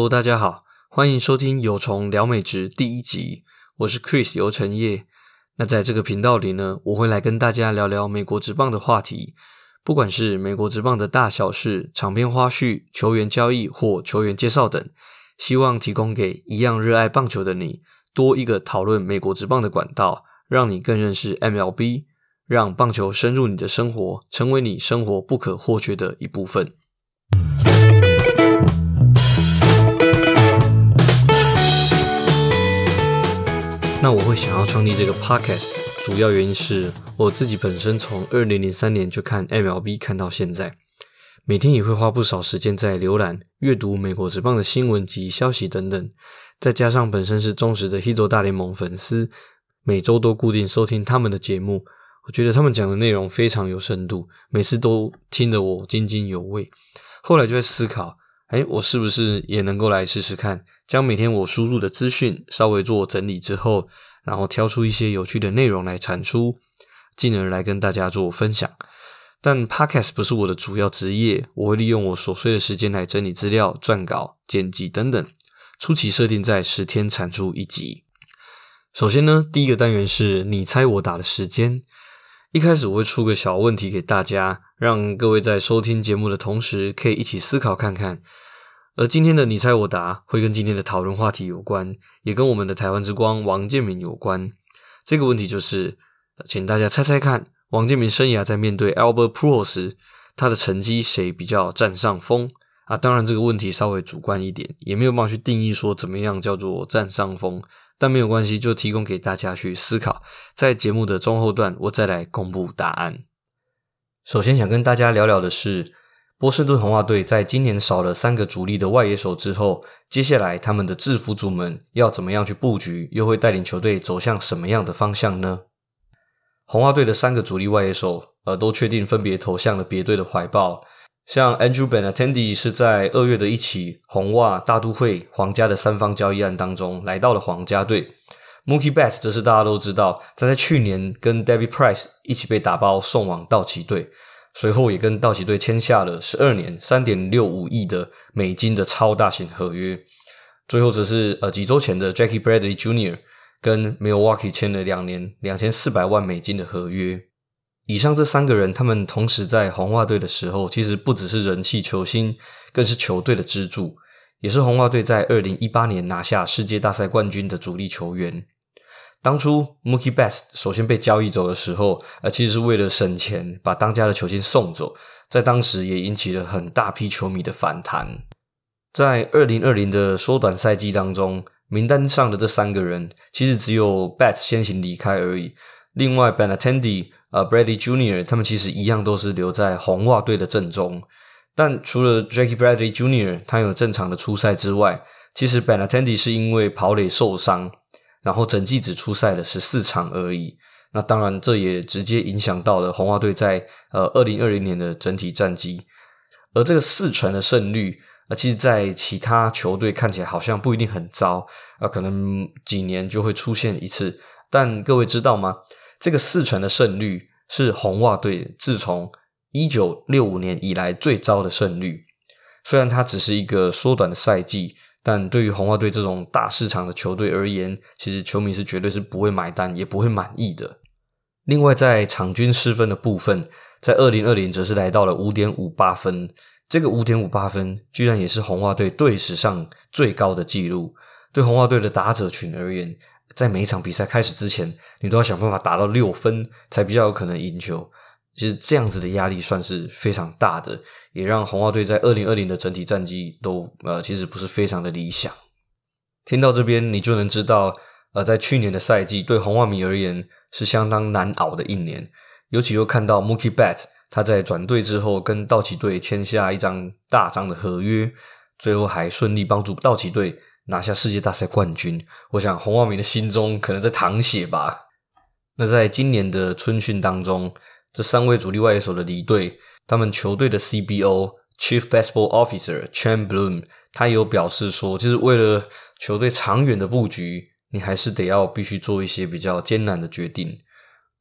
Hello，大家好，歡迎收聽《有蟲聊美職》第一集，我是 Chris 游成業。那在這個頻道裡呢，我會來跟大家聊聊美國職棒的話題，不管是美國職棒的大小事、場邊花絮、球員交易或球員介紹等，希望提供給一樣熱愛棒球的你多一個討論美國職棒的管道，讓你更認識 MLB，讓棒球深入你的生活，成為你生活不可或缺的一部分。 那我會想要創立這個 podcast，主要原因是我自己本身從二零零三年就看 MLB 看到現在，每天也會花不少時間在瀏覽、閱讀美國職棒的新聞及消息等等。再加上本身是忠實的 Hito 大聯盟粉絲，每周都固定收聽他們的節目，我覺得他們講的內容非常有深度，每次都聽得我津津有味。後來就在思考，哎，我是不是也能夠來試試看？將每天我輸入的資訊稍微做整理之後，然後挑出一些有趣的內容來產出，進而來跟大家做分享。但 Podcast 不是我的主要職業，我會利用我瑣碎的時間來整理資料、撰稿、剪輯等等。初期設定在十天產出一集。首先呢，第一個單元是你猜我打的時間。一開始我會出個小問題給大家，讓各位在收聽節目的同時可以一起思考看看。而今天的你猜我答會跟今天的討論話題有關，也跟我們的台灣之光王建民有關。這個問題就是，請大家猜猜看，王建民生涯在面對 Albert Pujols 時，他的成績誰比較佔上風？啊，當然這個問題稍微主觀一點，也沒有辦法去定義說怎麼樣叫做佔上風，但沒有關係，就提供給大家去思考。在節目的中後段，我再來公布答案。首先想跟大家聊聊的是。波士頓紅襪隊在今年少了三個主力的外野手之後，接下來他們的制服組們要怎麼樣去佈局？又會帶領球隊走向什麼樣的方向呢？紅襪隊的三個主力外野手，呃，都確定分別投向了別隊的懷抱。像 Andrew Benintendi 是在二月的一起紅襪大都會皇家的三方交易案當中來到了皇家隊，Mookie Betts 則是大家都知道，他在去年跟 David Price 一起被打包送往道奇隊。隨後也跟道奇隊簽下了十二年三點六五億的美金的超大型合約。最後則是呃幾周前的 Jackie Bradley Jr. 跟 Milwaukee 簽了兩年兩千四百萬美金的合約。以上這三個人，他們同時在紅襪隊的時候，其實不只是人氣球星，更是球隊的支柱，也是紅襪隊在二零一八年拿下世界大賽冠軍的主力球員。當初 Mookie Betts 首先被交易走的時候，呃，其實是為了省錢，把當家的球星送走，在當時也引起了很大批球迷的反彈。在二零二零的縮短賽季當中，名單上的這三個人其實只有 Betts 先行離開而已。另外，Benintendi 啊、呃、Bradley Jr. 他們其實一樣都是留在紅襪隊的陣中。但除了 Jackie Bradley Jr. 他有正常的出賽之外，其實 Benintendi 是因為跑壘受傷。然後整季只出賽了十四場而已，那當然這也直接影響到了紅襪隊在呃二零二零年的整體戰績。而這個四成的勝率，啊，其實，在其他球隊看起來好像不一定很糟啊，可能幾年就會出現一次。但各位知道嗎？這個四成的勝率是紅襪隊自從一九六五年以來最糟的勝率。雖然它只是一個縮短的賽季。但對於紅襪隊這種大市場的球隊而言，其實球迷是絕對是不會買單，也不會滿意的。另外，在場均失分的部分，在二零二零則是來到了五點五八分，這個五點五八分居然也是紅襪隊隊史上最高的紀錄。對紅襪隊的打者群而言，在每一場比賽開始之前，你都要想辦法打到六分，才比較有可能贏球。其實這樣子的壓力算是非常大的，也讓紅襪隊在二零二零的整體戰績都呃，其實不是非常的理想。聽到這邊，你就能知道，呃，在去年的賽季對紅襪迷而言是相當難熬的一年。尤其又看到 Mookie Betts 他在轉隊之後跟道奇隊簽下一張大張的合約，最後還順利幫助道奇隊拿下世界大賽冠軍。我想紅襪迷的心中可能在淌血吧。那在今年的春訓當中，這三位主力外野手的離隊，他們球隊的 CBO Chief Baseball Officer Chaim Bloom，他也有表示說，就是為了球隊長遠的布局，你還是得要必須做一些比較艱難的決定。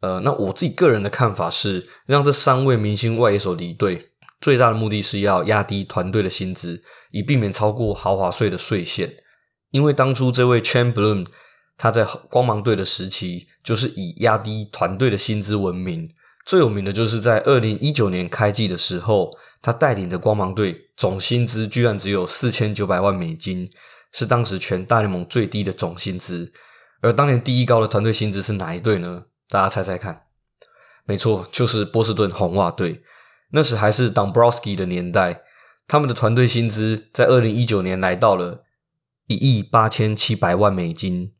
呃，那我自己個人的看法是，讓這三位明星外野手離隊，最大的目的是要壓低團隊的薪資，以避免超過豪華稅的稅線。因為當初這位 Chaim Bloom，他在光芒隊的時期，就是以壓低團隊的薪資聞名。最有名的就是在二零一九年開季的時候，他帶領的光芒隊總薪資居然只有四千九百萬美金，是當時全大聯盟最低的總薪資。而當年第一高的團隊薪資是哪一隊呢？大家猜猜看。沒錯，就是波士頓紅襪隊。那時還是 Dombrowski 的年代，他們的團隊薪資在二零一九年來到了一億八千七百萬美金。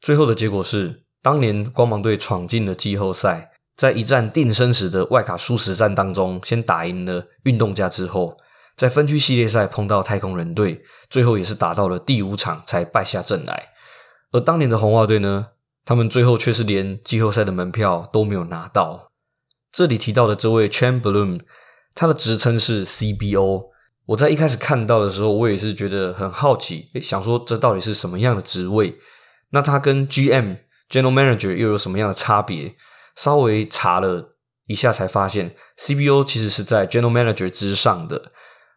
最後的結果是，當年光芒隊闖進了季後賽。在一戰定生死的外卡殊死戰當中，先打贏了運動家之後，在分區系列賽碰到太空人隊，最後也是打到了第五場才敗下陣來。而當年的紅襪隊呢，他們最後卻是連季後賽的門票都沒有拿到。這裡提到的這位 Chaim Bloom，他的職稱是 CBO。我在一開始看到的時候，我也是覺得很好奇，欸，想說這到底是什麼樣的職位？那他跟 GM（General Manager） 又有什麼樣的差別？稍微查了一下，才發現 CBO 其實是在 General Manager 之上的，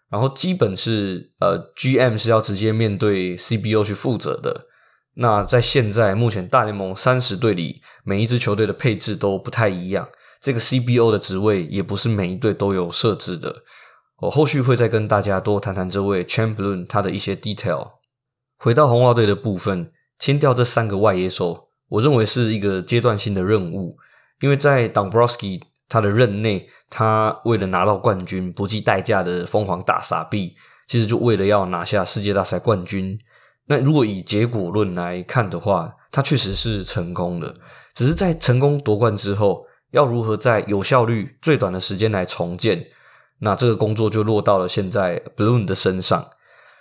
然後基本是呃 GM 是要直接面對 CBO 去負責的。那在現在目前大聯盟三十隊裡，每一支球隊的配置都不太一樣，這個 CBO 的職位也不是每一隊都有設置的。我後續會再跟大家多談談這位 Chamberlain 他的一些 detail。回到紅襪隊的部分，簽掉這三個外野手，我認為是一個階段性的任務。因為在 Dombrowski 他的任內，他為了拿到冠軍不計代價的瘋狂大撒幣，其實就為了要拿下世界大賽冠軍。那如果以結果論來看的話，他確實是成功的。只是在成功奪冠之後，要如何在有效率最短的時間來重建，那這個工作就落到了現在 Bloom 的身上。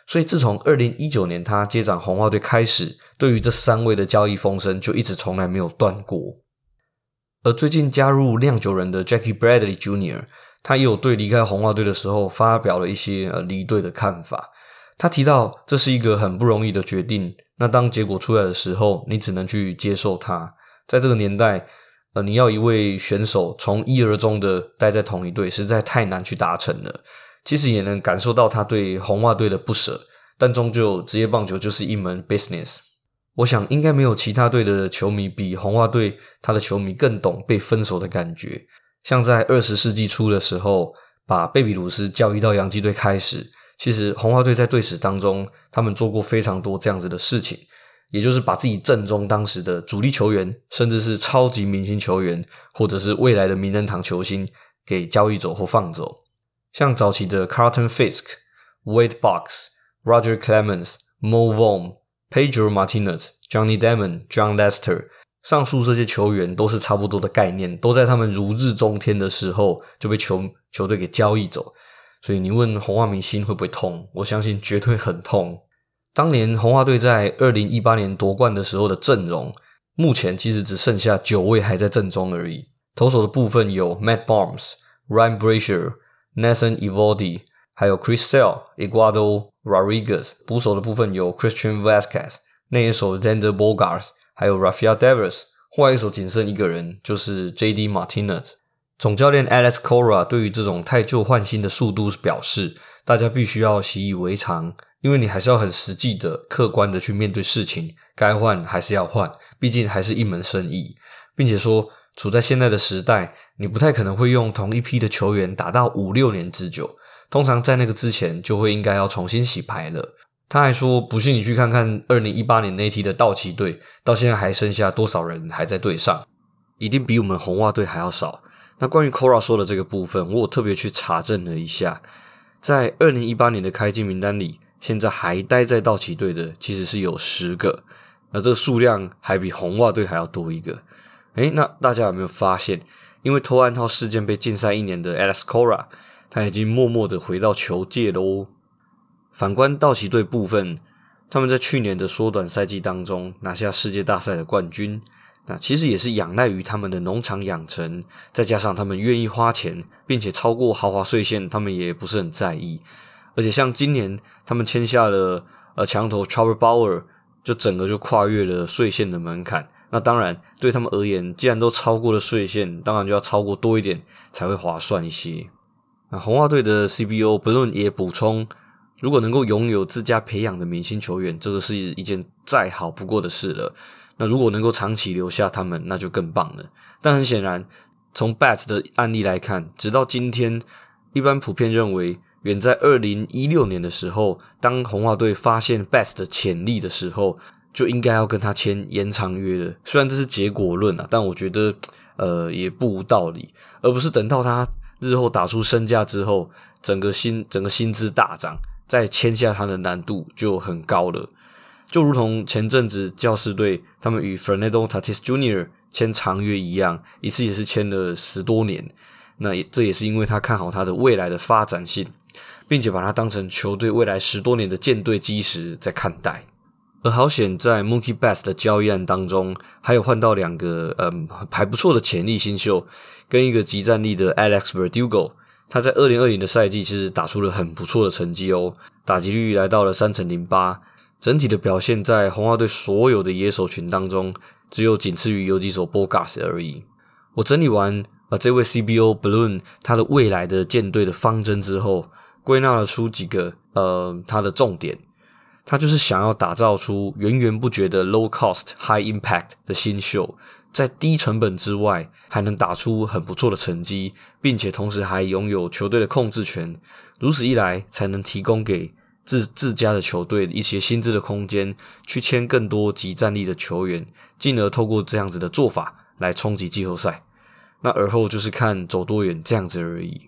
所以自從二零一九年他接掌紅襪隊開始，對於這三位的交易風聲就一直從來沒有斷過。而最近加入釀酒人的 Jackie Bradley Jr.，他也有對離開紅襪隊的時候發表了一些呃離隊的看法。他提到這是一個很不容易的決定。那當結果出來的時候，你只能去接受它。在這個年代，呃，你要一位選手從一而終的待在同一隊，實在太難去達成了。其實也能感受到他對紅襪隊的不捨，但終究職業棒球就是一門 business。我想，應該沒有其他隊的球迷比紅襪隊他的球迷更懂被分手的感覺。像在二十世紀初的時候，把貝比魯斯交易到洋基隊開始，其實紅襪隊在隊史當中，他們做過非常多這樣子的事情，也就是把自己陣中當時的主力球員，甚至是超級明星球員，或者是未來的名人堂球星，給交易走或放走。像早期的 Carlton Fisk、Wade Boggs、Roger Clemens、Mo Vaughn。Pedro Martinez、Johnny Damon、John Lester，上述這些球員都是差不多的概念，都在他們如日中天的時候就被球球隊給交易走。所以你問紅襪明星會不會痛？我相信絕對很痛。當年紅襪隊在二零一八年奪冠的時候的陣容，目前其實只剩下九位還在陣中而已。投手的部分有 Matt Barnes、Ryan Brasier、Nathan Eovaldi 還有 Chris Sale、Eduardo、Rodriguez 捕手的部分有 Christian Vazquez 那一手，Xander Bogaerts，r 還有 Rafael Devers 換一首，僅剩一個人就是 J.D. Martinez。總教練 Alex Cora 對於這種汰舊換新的速度表示，大家必須要習以為常，因為你還是要很實際的、客觀的去面對事情，該換還是要換，畢竟還是一門生意，並且說處在現在的時代，你不太可能會用同一批的球員打到五六年之久。通常在那個之前，就會應該要重新洗牌了。他還說：“不信你去看看，二零一八年那一梯的道奇隊到現在還剩下多少人還在隊上，一定比我們紅襪隊還要少。”那關於 Cora 說的這個部分，我特別去查證了一下，在二零一八年的開季名單裡，現在還待在道奇隊的其實是有十個，那這個數量還比紅襪隊還要多一個、欸。誒那大家有沒有發現，因為偷暗號事件被禁賽一年的 Alex Cora，他已經默默地回到球界咯，反觀道奇隊部分，他們在去年的縮短賽季當中拿下世界大賽的冠軍，那其實也是仰賴於他們的農場養成，再加上他們願意花錢，並且超過豪華稅線，他們也不是很在意。而且像今年他們簽下了呃強投 Trevor Bauer 就整個就跨越了稅線的門檻。那當然對他們而言，既然都超過了稅線，當然就要超過多一點才會划算一些。紅襪隊的 CBO Bloom 也補充：“如果能夠擁有自家培養的明星球員，這個是一件再好不過的事了。那如果能夠長期留下他們，那就更棒了。但很顯然，從 Betts 的案例來看，直到今天，一般普遍認為，遠在二零一六年的時候，當紅襪隊發現 Betts 的潛力的時候，就應該要跟他簽延長約了。雖然這是結果論啊，但我覺得呃也不無道理，而不是等到他。”日後打出身價之後，整個薪整個薪資大漲，再簽下他的難度就很高了。就如同前陣子教士隊他們與 Fernando Tatis Jr. 簽長約一樣，一次也是簽了十多年。那也這也是因為他看好他的未來的發展性，並且把他當成球隊未來十多年的建隊基石在看待。而好險在 Mookie Betts 的交易案當中，還有換到兩個嗯還不錯的潛力新秀。跟一個即戰力的 Alex Verdugo，他在二零二零的賽季其實打出了很不錯的成績哦，打擊率來到了三成零八，整體的表現在紅襪隊所有的野手群當中，只有僅次於游擊手 Bogaerts 而已。我整理完啊，這位 CBO Bloom 他的未來的艦隊的方針之後，歸納了出幾個呃他的重點，他就是想要打造出源源不絕的 low cost, high impact 的新秀。在低成本之外，還能打出很不錯的成績，並且同時還擁有球隊的控制權。如此一來，才能提供給自自家的球隊一些薪資的空間，去簽更多即戰力的球員，進而透過這樣子的做法來衝擊季後賽。那而後就是看走多遠這樣子而已。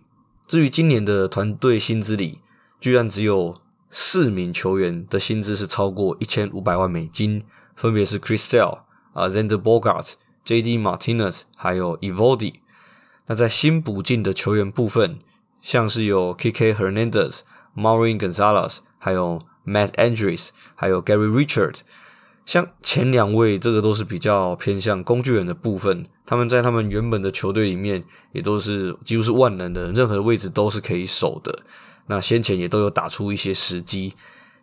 至於今年的團隊薪資裡，居然只有四名球員的薪資是超過一千五百萬美金，分別是 Chris Sale 啊 Xander Bogaerts。J. D. Martinez，還有 Eovaldi。那在新補進的球員部分，像是有 Kiké Hernandez、Marwin Gonzalez，還有 Matt Andriese，還有 Garrett Richards。像前兩位，這個都是比較偏向工具人的部分。他們在他們原本的球隊裡面，也都是幾乎是萬能的，任何位置都是可以守的。那先前也都有打出一些時機，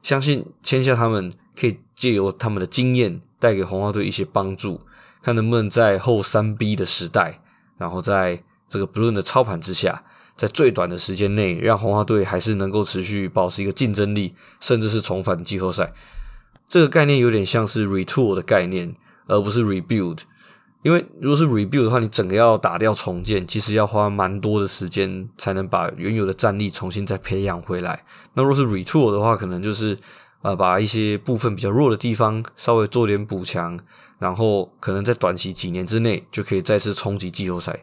相信簽下他們，可以借由他們的經驗，帶給紅襪隊一些幫助。看能不能在後三 B 的時代，然後在這個 Bloom 的操盤之下，在最短的時間內，讓紅襪隊還是能夠持續保持一個競爭力，甚至是重返季後賽。這個概念有點像是 retool 的概念，而不是 rebuild。因為如果是 rebuild 的話，你整個要打掉重建，其實要花蠻多的時間才能把原有的戰力重新再培養回來。那如果是 retool 的話，可能就是。呃，把一些部分比較弱的地方稍微做點補強，然後可能在短期幾年之內就可以再次衝擊季後賽。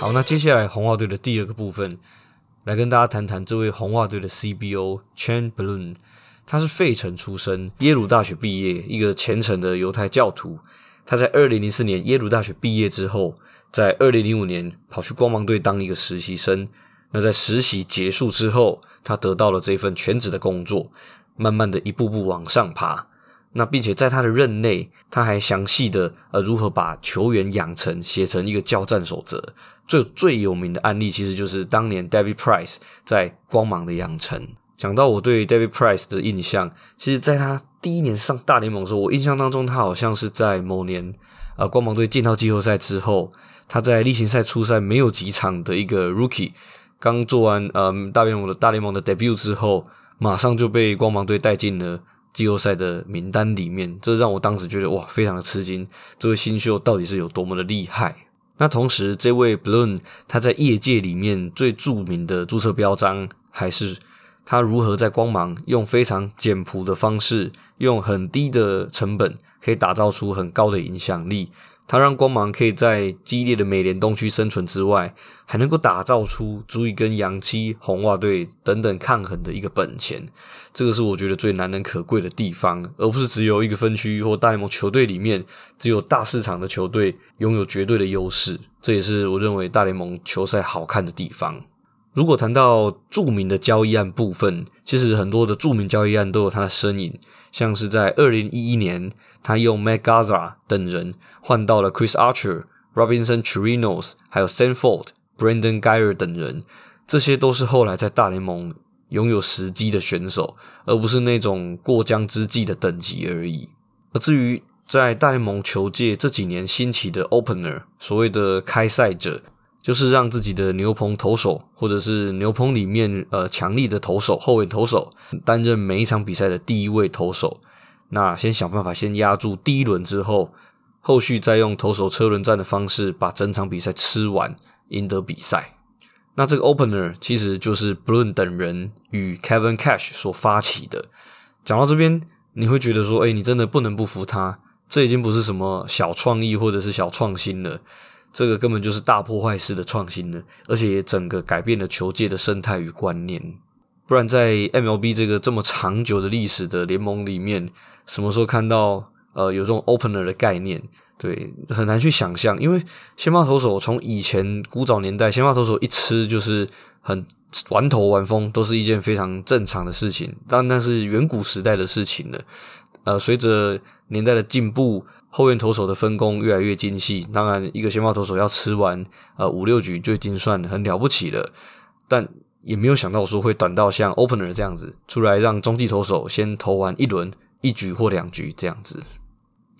好，那接下來紅襪隊的第二個部分，來跟大家談談這位紅襪隊的 CBO Chaim Bloom。他是費城出生，耶魯大學畢業，一個虔誠的猶太教徒。他在二零零四年耶魯大學畢業之後。在二零零五年跑去光芒隊當一個實習生。那在實習結束之後，他得到了這份全職的工作，慢慢的一步步往上爬。那並且在他的任內，他還詳細的呃如何把球員養成寫成一個教戰守則。最最有名的案例其實就是當年 David Price 在光芒的養成。講到我對 David Price 的印象，其實在他第一年上大聯盟的時候，我印象當中他好像是在某年啊、呃、光芒隊進到季後賽之後。他在例行賽出賽沒有幾場的一個 Rookie，剛做完呃、嗯、大聯盟的大聯盟的 debut 之後，馬上就被光芒隊帶進了季後賽的名單裡面，這讓我當時覺得哇，非常的吃驚，這位新秀到底是有多麼的厲害。那同時，這位 Bloom 他在業界裡面最著名的注冊標章，還是他如何在光芒用非常簡樸的方式，用很低的成本，可以打造出很高的影響力。他讓光芒可以在激烈的美聯東區生存之外，還能夠打造出足以跟洋基、紅襪隊等等抗衡的一個本錢。這個是我覺得最難能可貴的地方，而不是只有一個分區或大聯盟球隊裡面只有大市場的球隊擁有絕對的優勢。這也是我認為大聯盟球賽好看的地方。如果談到著名的交易案部分，其實很多的著名交易案都有他的身影，像是在二零一一年，他用 Matt Garza 等人換到了 Chris Archer、Robinson Chirinos，還有 Sanford、Brandon Guyer 等人，這些都是後來在大聯盟擁有實績的選手，而不是那種過江之鯽的等級而已。而至於在大聯盟球界這幾年興起的 Opener，所謂的開賽者。就是讓自己的牛棚投手，或者是牛棚裡面呃強力的投手、後援投手擔任每一場比賽的第一位投手，那先想辦法先壓住第一輪之後，後續再用投手車輪戰的方式把整場比賽吃完，贏得比賽。那這個 Opener 其實就是 Bloom 等人與 Kevin Cash 所發起的。講到這邊，你會覺得說，哎、欸，你真的不能不服他，這已經不是什麼小創意或者是小創新了。這個根本就是大破壞式的創新了，而且也整個改變了球界的生態與觀念。不然，在 MLB 這個這麼長久的歷史的聯盟裡面，什麼時候看到呃有這種 opener 的概念？對，很難去想象。因為先發投手從以前古早年代，先發投手一吃就是很完投完封，都是一件非常正常的事情。但那是遠古時代的事情了。呃，隨着年代的進步，後援投手的分工越來越精細。當然，一個先發投手要吃完呃五六局就已經算很了不起了，但也沒有想到說會短到像 opener 這樣子出來讓中繼投手先投完一輪一局或兩局這樣子。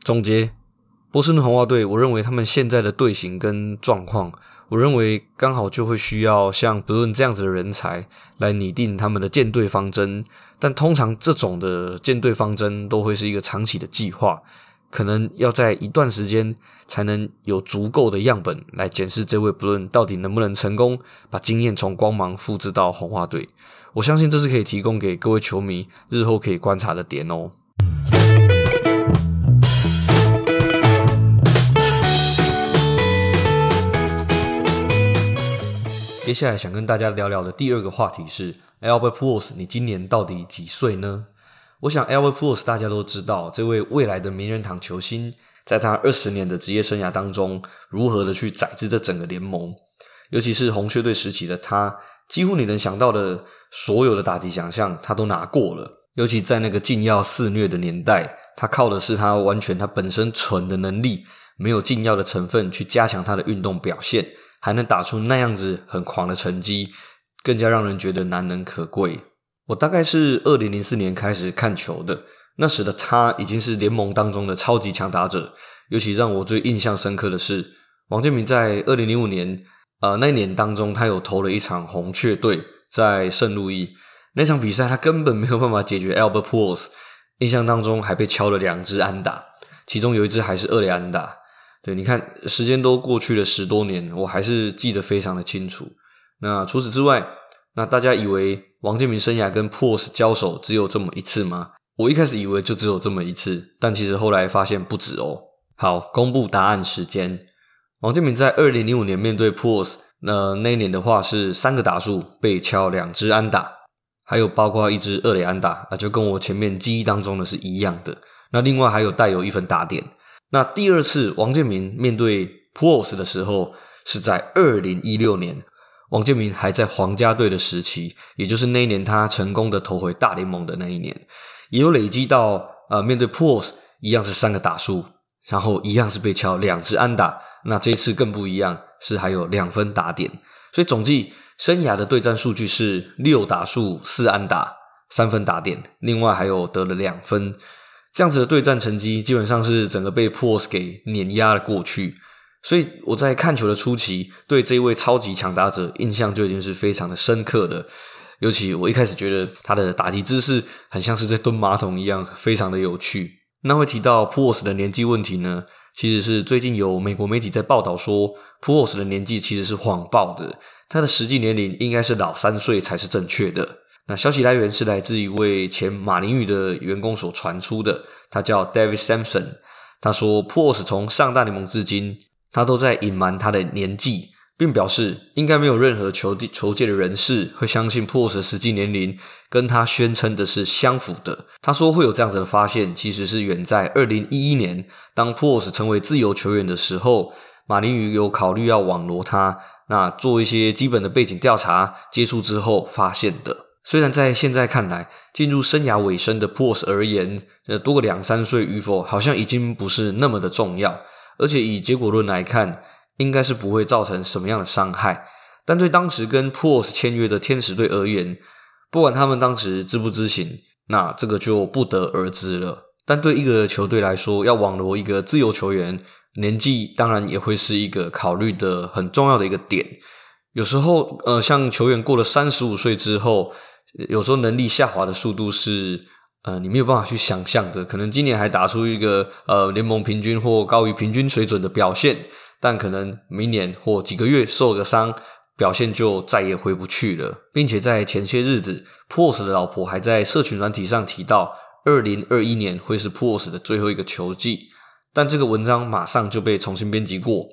總結，波士頓紅襪隊，我認為他們現在的隊形跟狀況。我認為剛好就會需要像 Bloom 這樣子的人才來擬定他們的建隊方針，但通常這種的建隊方針都會是一個長期的計劃，可能要在一段時間才能有足夠的樣本來檢視這位 Bloom 到底能不能成功把經驗從光芒複製到紅襪隊。我相信這是可以提供給各位球迷日後可以觀察的點哦。接下來想跟大家聊聊的第二個話題是 Albert Pujols 你今年到底幾歲呢？我想 Albert Pujols 大家都知道，這位未來的名人堂球星，在他二十年的職業生涯當中，如何的去宰制這整個聯盟，尤其是紅雀隊時期的他，幾乎你能想到的所有的打擊獎項他都拿過了。尤其在那個禁藥肆虐的年代，他靠的是他完全他本身純的能力，沒有禁藥的成分去加強他的運動表現。還能打出那樣子很狂的成績，更加讓人覺得難能可貴。我大概是二零零四年開始看球的，那時的他已經是聯盟當中的超級強打者。尤其讓我最印象深刻的是，王建民在二零零五年，呃，那一年當中，他有投了一場紅雀隊在聖路易那場比賽，他根本沒有辦法解決 Albert Pujols，印象當中還被敲了兩只安打，其中有一只還是二壘安打。對，你看，時間都過去了十多年，我還是記得非常的清楚。那除此之外，那大家以為王建民生涯跟 Pujols 交手只有這麼一次嗎？我一開始以為就只有這麼一次，但其實後來發現不止哦。好，公布答案時間。王建民在二零零五年面對 Pujols，那那一年的話是三個打數被敲兩支安打，還有包括一支二壘安打，啊，就跟我前面記憶當中的是一樣的。那另外還有帶有一分打點。那第二次王建民面對 Pujols 的時候，是在二零一六年，王建民還在皇家隊的時期，也就是那一年他成功的投回大聯盟的那一年，也有累積到呃面對 Pujols 一樣是三個打數，然後一樣是被敲兩只安打，那這次更不一樣，是還有兩分打點，所以總計生涯的對戰數據是六打數四安打三分打點，另外還有得了兩分。這樣子的對戰成績，基本上是整個被 Pujols 給碾壓了過去。所以我在看球的初期，對這一位超級強打者印象就已經是非常的深刻了。尤其我一開始覺得他的打擊姿勢很像是在蹲馬桶一樣，非常的有趣。那會提到 Pujols 的年紀問題呢，其實是最近有美國媒體在報道說，Pujols 的年紀其實是謊報的，他的實際年齡應該是老三歲才是正確的。那消息來源是來自一位前馬林魚的員工所傳出的，他叫 David Samson。他說，Pujols 從上大聯盟至今，他都在隱瞞他的年紀，並表示應該沒有任何球球界的人士會相信 Pujols 的實際年齡跟他宣稱的是相符的。他說會有這樣子的發現，其實是遠在二零一一年，當 Pujols 成為自由球員的時候，馬林魚有考慮要網羅他，那做一些基本的背景調查，接觸之後發現的。雖然在現在看來，進入生涯尾聲的 Pujols 而言，呃，多個兩三歲與否，好像已經不是那麼的重要。而且以結果論來看，應該是不會造成什麼樣的傷害。但對當時跟 Pujols 簽約的天使隊而言，不管他們當時知不知情，那這個就不得而知了。但對一個球隊來說，要網羅一個自由球員，年紀當然也會是一個考慮的很重要的一個點。有時候，呃，像球員過了三十五歲之後，有時候能力下滑的速度是，呃，你沒有辦法去想象的。可能今年還打出一個呃聯盟平均或高於平均水準的表現，但可能明年或幾個月受了個傷，表現就再也回不去了。並且在前些日子，Pujols 的老婆還在社群軟體上提到，二零二一年會是 Pujols 的最後一個球季，但這個文章馬上就被重新編輯過，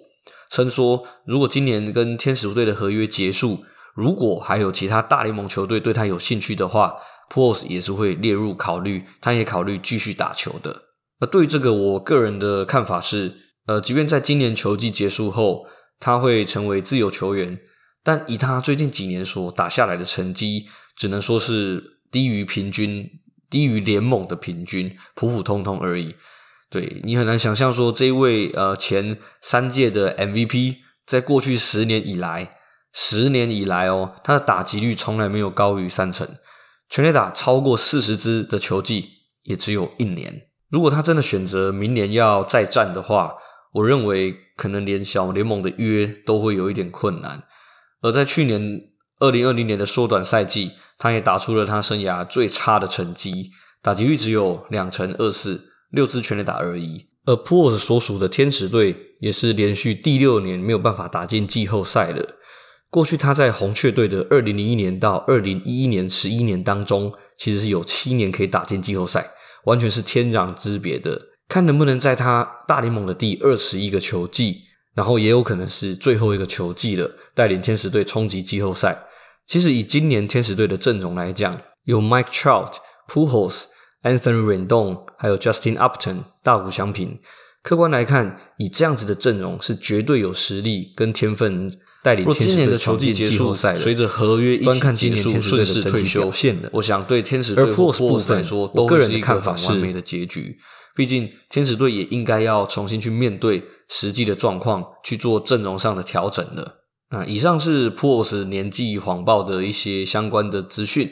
稱說如果今年跟天使隊的合約結束。如果還有其他大聯盟球隊對他有興趣的話，Pujols 也是會列入考慮，他也考慮繼續打球的。那對於這個我個人的看法是，呃，即便在今年球季結束後他會成為自由球員，但以他最近幾年所打下來的成績，只能說是低於平均，低於聯盟的平均，普普通通而已。對，你很難想象說這，這位呃前三屆的 MVP，在過去十年以來。十年以來哦，他的打擊率從來沒有高於三成，全壘打超過四十支的球季也只有一年。如果他真的選擇明年要再戰的話，我認為可能連小聯盟的約都會有一點困難。而在去年二零二零年的縮短賽季，他也打出了他生涯最差的成績，打擊率只有兩成二四，六支全壘打而已。而 Pujols 所屬的天使隊也是連續第六年沒有辦法打進季後賽了。過去他在紅雀隊的二零零一年到二零一一年十一年當中，其實是有七年可以打進季後賽，完全是天壤之別的。看能不能在他大聯盟的第二十一個球季，然後也有可能是最後一個球季了，帶領天使隊衝擊季後賽。其實以今年天使隊的陣容來講，有 Mike Trout、Pujols、Anthony Rendon，還有 Justin Upton 大谷翔平。客觀來看，以這樣子的陣容是絕對有實力跟天分。若今年的球季結束賽，隨着合約一起結束，順勢退休，我想對天使隊部分說，我個人的看法完美的結局。畢竟天使隊也應該要重新去面對實際的狀況，去做陣容上的調整了。以上是 Pujols 年紀謊報的一些相關的資訊。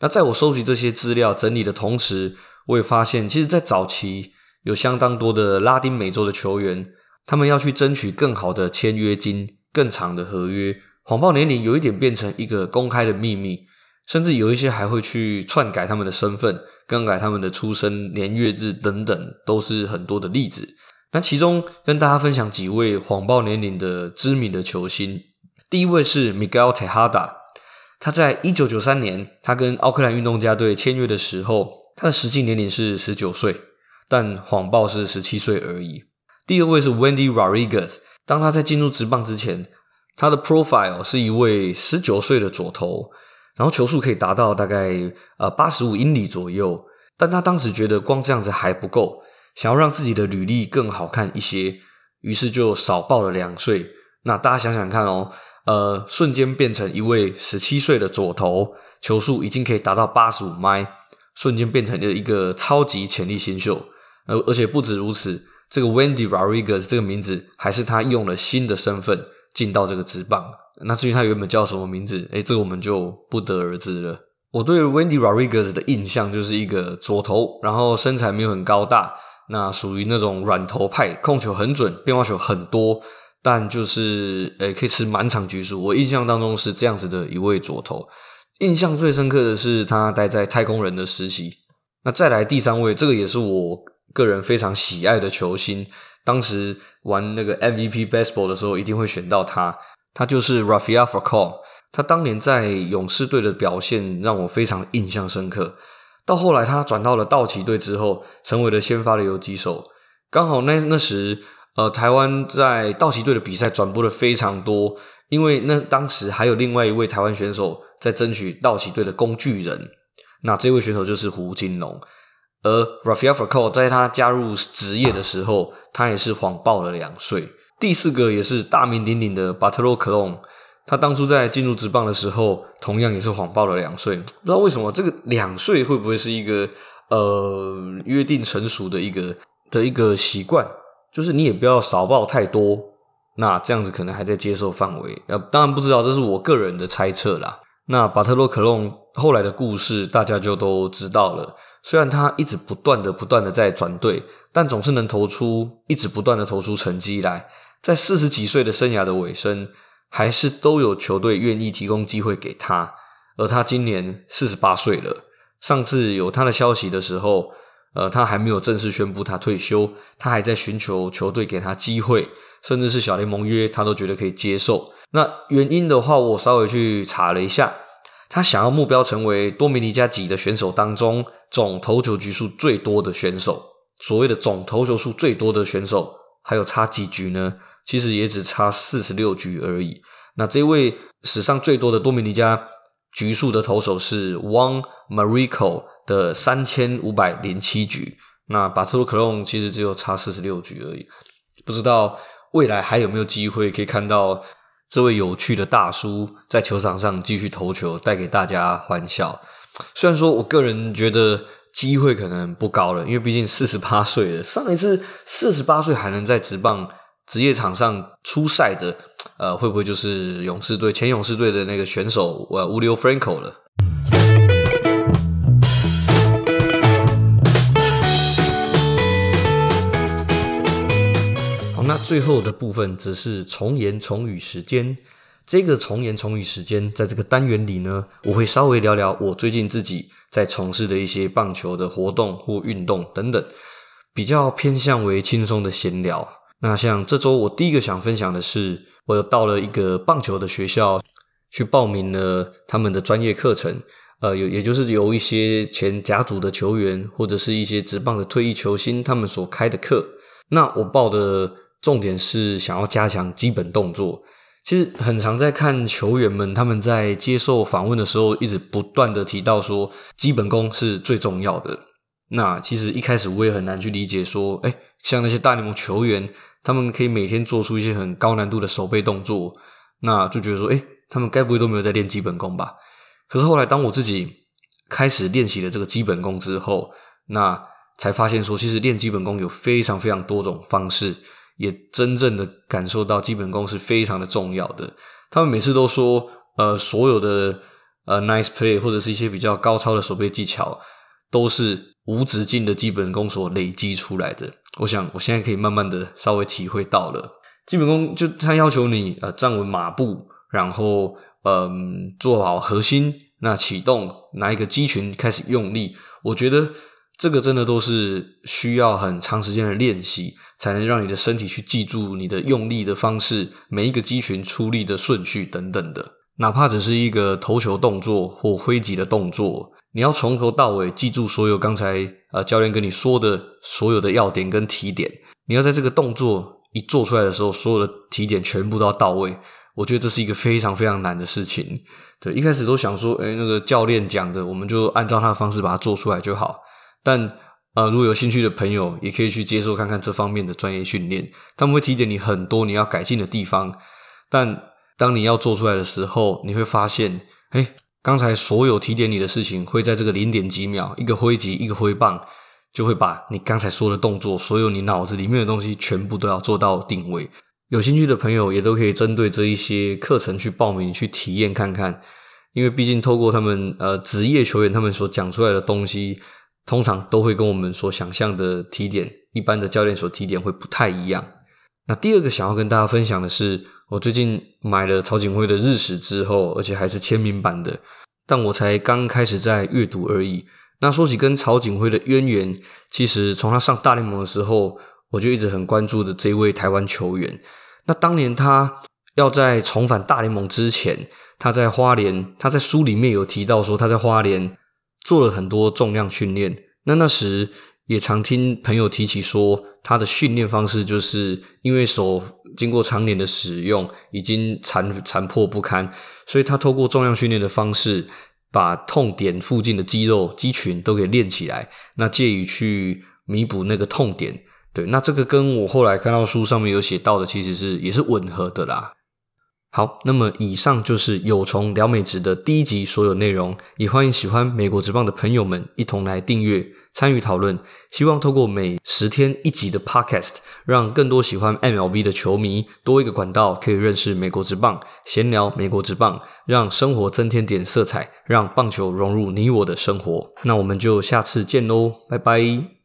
那在我收集這些資料整理的同時，我也發現，其實，在早期有相當多的拉丁美洲的球員，他們要去爭取更好的簽約金。更長的合約，謊報年齡，有一點變成一個公開的秘密，甚至有一些還會去篡改他們的身份，更改他們的出生年月日等等，都是很多的例子。那其中跟大家分享幾位謊報年齡的知名的球星，第一位是 Miguel Tejada，他在一九九三年他跟奧克蘭運動家隊簽約的時候，他的實際年齡是十九歲，但謊報是十七歲而已。第二位是 Wendy Rodriguez。當他在進入職棒之前，他的 profile 是一位十九歲的左投，然後球速可以達到大概呃八十五英里左右。但他當時覺得光這樣子還不夠，想要讓自己的履歷更好看一些，於是就少報了兩歲。那大家想想看哦，呃，瞬間變成一位十七歲的左投，球速已經可以達到八十五邁，瞬間變成了一個超級潛力新秀。而、呃、而且不止如此。這個 Wendy Rodriguez 這個名字，還是他用了新的身份進到這個職棒。那至於他原本叫什麼名字，誒，這個我們就不得而知了。我對 Wendy Rodriguez 的印象，就是一個左投，然後身材沒有很高大，那屬於那種軟投派，控球很準，變化球很多，但就是，誒，可以吃滿場局數。我印象當中是這樣子的一位左投。印象最深刻的是他待在太空人的時期。那再來第三位，這個也是我。個人非常喜愛的球星，當時玩那個 MVP baseball 的時候，一定會選到他。他就是 Rafael Furcal。他當年在勇士隊的表現讓我非常印象深刻。到後來他轉到了道奇隊之後，成為了先發的游擊手。剛好那那時，呃，台灣在道奇隊的比賽轉播的非常多，因為那當時還有另外一位台灣選手在爭取道奇隊的工具人。那這位選手就是胡金龍。而 Rafael Furcal 在他加入職業的時候，他也是謊報了兩歲。第四個也是大名鼎鼎的 Bartolo Colón，他當初在進入職棒的時候，同樣也是謊報了兩歲。不知道為什麼這個兩歲會不會是一個呃約定成熟的一個的一個習慣？就是你也不要少報太多，那這樣子可能還在接受範圍。呃，當然不知道，這是我個人的猜測啦。那巴特洛克隆後來的故事，大家就都知道了。雖然他一直不斷的、不斷的在轉隊，但總是能投出一直不斷的投出成績來。在四十幾歲的生涯的尾聲，還是都有球隊願意提供機會給他。而他今年四十八歲了。上次有他的消息的時候，呃，他還沒有正式宣布他退休，他還在尋求球隊給他機會，甚至是小聯盟約，他都覺得可以接受。那原因的話，我稍微去查了一下。他想要目標成為多米尼加籍的選手當中總投球局數最多的選手。所謂的總投球數最多的選手，還有差幾局呢？其實也只差四十六局而已。那這一位史上最多的多米尼加局數的投手是 Juan Marichal 的三千五百零七局。那 Bartolo Colon 其實只有差四十六局而已。不知道未來還有沒有機會可以看到。這位有趣的大叔在球場上繼續投球，帶給大家歡笑。雖然說，我個人覺得機會可能不高了，因為畢竟四十八歲了。上一次四十八歲還能在職棒職業場上出賽的，呃，會不會就是勇士隊，前勇士隊的那個選手，呃，烏裡歐·弗蘭克了？最後的部分則是重言重語時間。這個重言重語時間，在這個單元裡呢，我會稍微聊聊我最近自己在從事的一些棒球的活動或運動等等，比較偏向為輕鬆的閒聊。那像這周我第一個想分享的是，我有到了一個棒球的學校去報名了他們的專業課程，呃，有也就是由一些前甲組的球員或者是一些職棒的退役球星他們所開的課。那我報的。重點是想要加強基本動作。其實很常在看球員們，他們在接受訪問的時候，一直不斷地提到說基本功是最重要的。那其實一開始我也很難去理解說，誒、欸、像那些大聯盟球員，他們可以每天做出一些很高難度的守備動作，那就覺得說，誒、欸、他們該不會都沒有在練基本功吧？可是後來當我自己開始練習了這個基本功之後，那才發現說，其實練基本功有非常非常多種方式。也真正的感受到基本功是非常的重要的。他們每次都說，呃，所有的呃 nice play 或者是一些比較高超的守備技巧，都是無止境的基本功所累積出來的。我想，我現在可以慢慢的稍微體會到了。基本功就他要求你呃站穩馬步，然後嗯、呃、做好核心，那啟動拿一個肌群開始用力。我覺得。這個真的都是需要很長時間的練習，才能讓你的身體去記住你的用力的方式，每一個肌群出力的順序等等的。哪怕只是一個投球動作或揮擊的動作，你要從頭到尾記住所有剛才呃教練跟你說的所有的要點跟提點，你要在這個動作一做出來的時候，所有的提點全部都要到位。我覺得這是一個非常非常難的事情。對，一開始都想說，哎，那個教練講的，我們就按照他的方式把它做出來就好。但，呃，如果有興趣的朋友，也可以去接受看看這方面的專業訓練。他們會提點你很多你要改進的地方。但當你要做出來的時候，你會發現，哎，剛才所有提點你的事情，會在這個零點幾秒，一個揮擊，一個揮棒，就會把你剛才說的動作，所有你腦子裡面的東西，全部都要做到定位。有興趣的朋友，也都可以針對這一些課程去報名，去體驗看看。因為畢竟透過他們，呃，職業球員他們所講出來的東西。通常都會跟我們所想象的提點，一般的教練所提點會不太一樣。那第二個想要跟大家分享的是，我最近買了曹錦輝的日史之後，而且還是簽名版的，但我才剛開始在閱讀而已。那說起跟曹錦輝的淵源，其實從他上大聯盟的時候，我就一直很關注的這位台灣球員。那當年他要在重返大聯盟之前，他在花蓮，他在書裡面有提到說他在花蓮。做了很多重量訓練，那那時也常聽朋友提起說，他的訓練方式就是因為手經過長年的使用已經殘殘破不堪，所以他透過重量訓練的方式，把痛點附近的肌肉肌群都給練起來，那借以去彌補那個痛點。對，那這個跟我後來看到書上面有寫到的，其實是也是吻合的啦。好，那麼以上就是有蟲聊美職的第一集所有內容。也歡迎喜歡美國職棒的朋友們一同來訂閱、參與討論。希望透過每十天一集的 Podcast，讓更多喜歡 MLB 的球迷多一個管道，可以認識美國職棒、閒聊美國職棒，讓生活增添點色彩，讓棒球融入你我的生活。那我們就下次見嘍，拜拜。